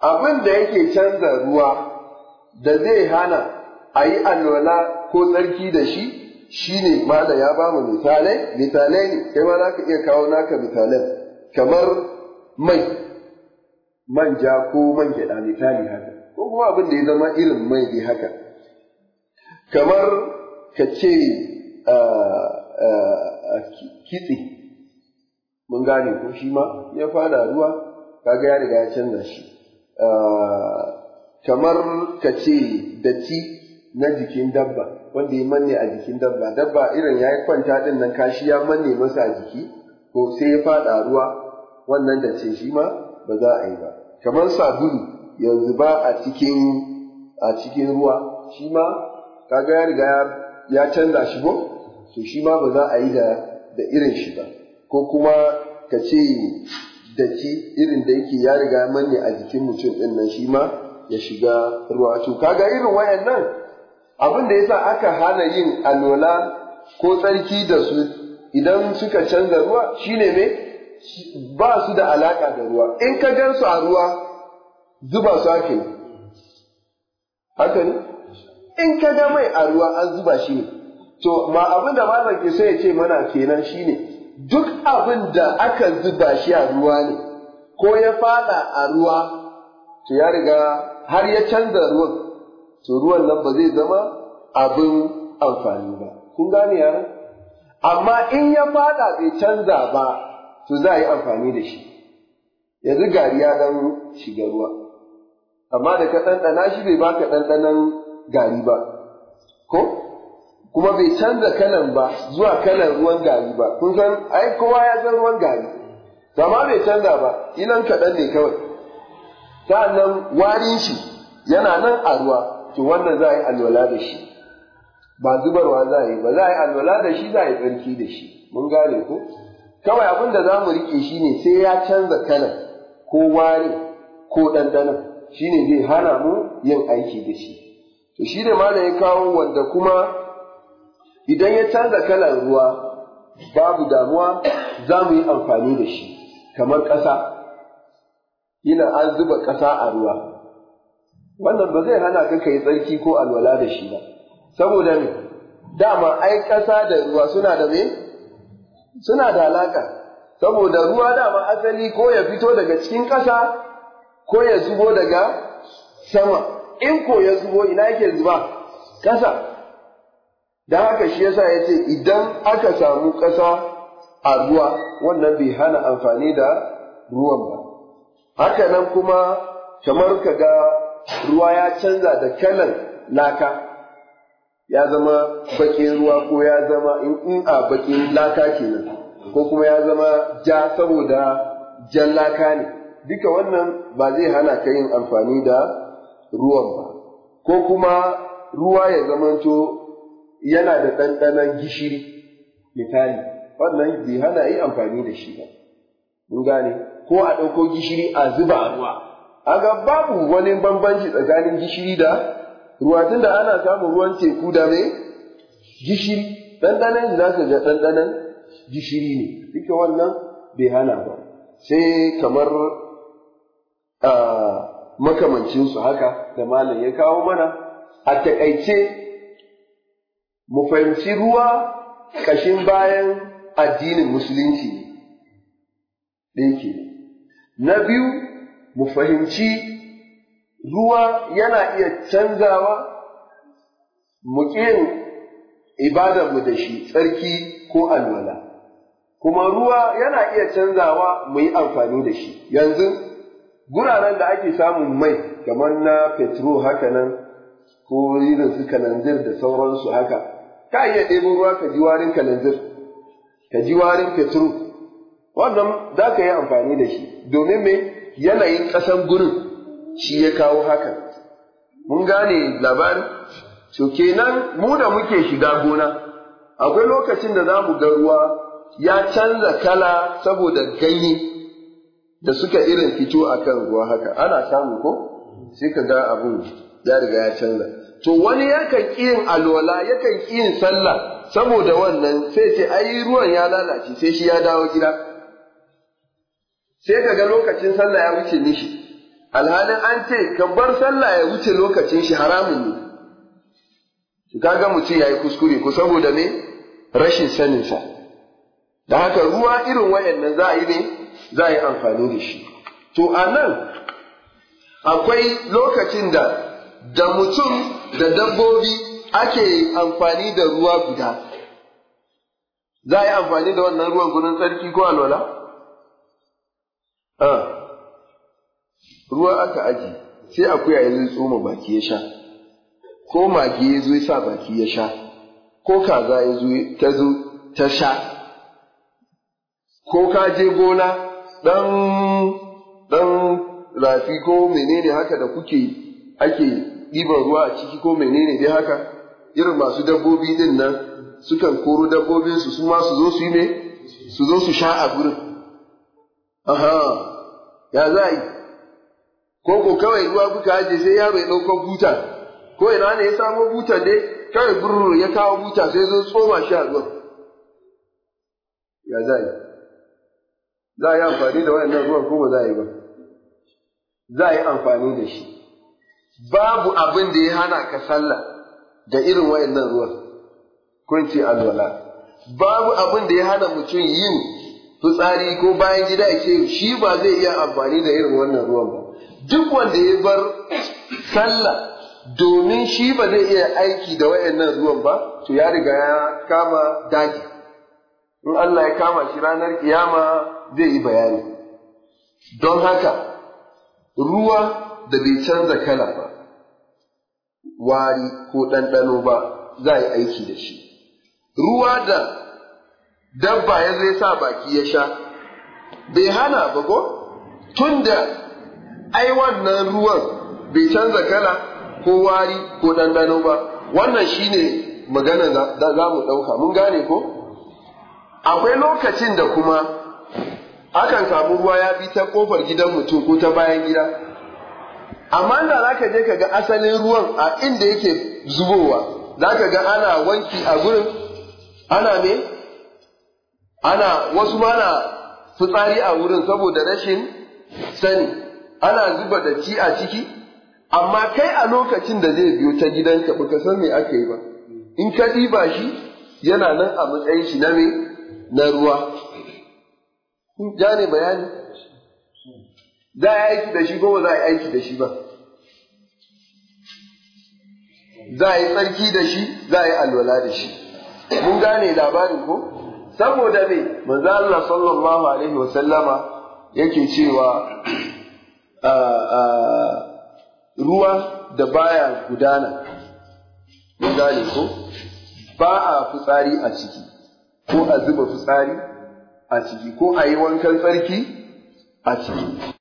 abin da yake canza ruwa da zai hana a yi alwala ko tsarki da shi shi ne, mala ya ba mu misalai misalai ne kai ma ka iya kawo naka misalai kamar mai manja ko man gyaɗa misali haka ko kuma abin da ya zama irin mai dai haka kamar ka ce kitse mun gane ko shi ma ya fada ruwa kaga ya riga ya canza shi Eh, kamar ka ce datti na jikin dabba wanda ya manne a jikin dabba dabba irin ya yi kwanta ɗin nan kashi ya manne masa a jiki ko sai ya faɗa ruwa wannan da ce shi ma ba za a yi ba kamar sabulu yanzu ba a cikin ruwa shi ma kaga ya riga ya canza shi ko to shi ma ba za a yi da irin shi ba ko kuma ka ce dake irin da yake ya riga manne a jikin mutum ɗin nan shi ma ya shiga ruwa to kaga irin wayannan abin da yasa aka hana yin alola ko tsarki da su idan suka canza ruwa shine me ba su da alaka da ruwa in ka gan su a ruwa zuba su ake haka ne in ka ga mai a ruwa an zuba shi ne to ma abin da malam ke so ya ce mana kenan shine duk abin da aka zuba shi a ruwa ne ko ya fada a ruwa to ya riga har ya canza ruwan to ruwan nan ba zai zama abin amfani ba kun gane yaran amma in ya fada bai canza ba to za a yi amfani da shi yanzu gari ya dan shiga ruwa amma da ka ɗanɗana shi bai baka ɗanɗanan gari ba ko kuma bai canza kalan ba zuwa kalan ruwan gari ba kun san ai kowa ya san ruwan gari amma bai canza ba ilan kaɗan ne kawai sa'annan warin shi yana nan a ruwa to wannan za a yi alwala da shi ba zubarwa za a yi ba za a yi alwala da shi za a yi tsarki da shi mun gane ko kawai abin da za mu riƙe shi ne sai ya canza kalan ko wari ko ɗanɗanon shi ne zai hana mu yin aiki da shi to shi ne ma ya kawo wanda kuma idan ya canza kalan ruwa babu damuwa za mu yi amfani da shi kamar ƙasa ina an zuba ƙasa a ruwa wannan ba zai hana ka kai tsarki ko alwala da shi ba saboda ne dama ai ƙasa da ruwa suna da me suna da alaƙa saboda ruwa dama asali ko ya fito daga cikin ƙasa ko ya zubo daga sama in ko ya zubo ina yake zuba ƙasa don haka shi yasa ya ce idan aka samu ƙasa a ruwa wannan bai hana amfani da ruwan ba haka nan kuma kamar ka ga ruwa ya canza da kalan laka ya zama baƙin ruwa ko ya zama in a baƙin laka kenan ko kuma ya zama ja saboda jan laka ne duka wannan ba zai hana ka yin amfani da ruwan ba ko kuma ruwa ya zamanto yana da ɗanɗanon gishiri misali wannan bai hana yi amfani da shi ba mun gane ko a ɗauko gishiri a zuba a ruwa aga babu wani bambanci tsakanin gishiri da ruwa tunda ana samun ruwan teku da mai gishiri ɗanɗanon za ka ga ɗanɗanon gishiri ne duka wannan bai hana ba sai kamar ah, makamancinsu haka da malam ya kawo mana a taƙaice mu fahimci ruwa kashin bayan addinin musulunci ne na biyu mu fahimci ruwa yana iya canzawa mu ƙin ibadarmu da shi tsarki ko alwala kuma ruwa yana iya canzawa mu yi amfani da shi yanzu guraren da ake samun mai kamar na petro haka nan ko irin su kananzir da sauransu haka ka iya ɗebo ruwa ka ji warin kalanzir ka ji warin fetru wannan za ka yi amfani da shi domin me yanayin ƙasan gurin shi ya kawo hakan mun gane labarin to kenan mu da muke shiga gona akwai lokacin da za mu ga ruwa ya canza kala saboda ganye da suka irin fito a kan ruwa haka ana samu ko sai ka ga abun ya riga ya canza to wani yakan yin alwala yakan yin sallah saboda wannan sai ce ai ruwan ya lalace sai shi ya dawo gida sai kaga lokacin sallah ya wuce mishi alhalin an ce ka bar sallah ya wuce lokacin shi haramun ne kaga mutum yayi kuskure ko saboda me rashin sanin sa da haka ruwa irin wayannan za a yi ne za a yi amfani da shi to anan akwai lokacin da da mutum da dabbobi ake amfani da ruwa guda za a yi amfani da wannan ruwan gudun tsarki ko alwala? Ah. ruwa aka aji sai akuya ya zo tsoma baki ya sha ko mage ya zo sa baki ya sha ko kaza ya zo ta zo ta sha ko ka je gona ɗan rafi ko menene haka da kuke ake ɗiban ruwa a ciki ko menene dai haka irin masu dabbobi din nan sukan koro dabbobinsu su ma su zo su yi ne su zo su sha a gurin aha ya za yi ko ko kawai ruwa kuka aje sai ya bai ɗauko buta ko ina ne ya samo buta dai kawai burro ya kawo buta sai zo tsoma shi a ruwan ya za yi za a yi amfani da wayannan ruwan ko ba za a yi ba za a yi amfani da shi babu abin da ya hana ka sallah da irin wayannan ruwan kun ce alwala babu abin da ya hana mutum yin fitsari ko bayan gida ke shi ba zai iya amfani da irin wannan ruwan ba duk wanda ya bar salla domin shi ba zai iya aiki da wayannan ruwan ba to ya riga ya kama daji in Allah ya kama shi ranar kiyama zai yi bayani don haka ruwa da bai canza kala ba wari ko ɗanɗano ba za a yi aiki da shi. Ruwa da dabba ya zai sa baki ya sha, bai hana ba ko? Tun da ai wannan ruwan bai canza kala ko wari ko ɗanɗano ba, wannan shi ne magana da za mu ɗauka, mun gane ko? Akwai lokacin da kuma akan samu ruwa ya bi ta ƙofar gidan mutum ko ta bayan gida. amma da za ka je ka ga asalin ruwan a inda yake zubowa za ka ga ana wanki a gurin ana ne ana wasu ma na fitsari a wurin saboda rashin sani ana zuba da ci a ciki amma kai a lokacin da zai biyo ta gidanka baka san me aka yi ba in ka ɗiba shi yana nan a matsayin shi na me na ruwa ja ne bayani za a yi aiki da shi ko za a yi aiki da shi ba za a yi tsarki da shi za a yi alwala da shi mun gane labarin ko saboda me manzo Allah sallallahu alaihi wasallama yake cewa ruwa da baya gudana mun gane ko ba a fitsari a ciki ko a zuba fitsari a ciki ko a yi wankan tsarki a ciki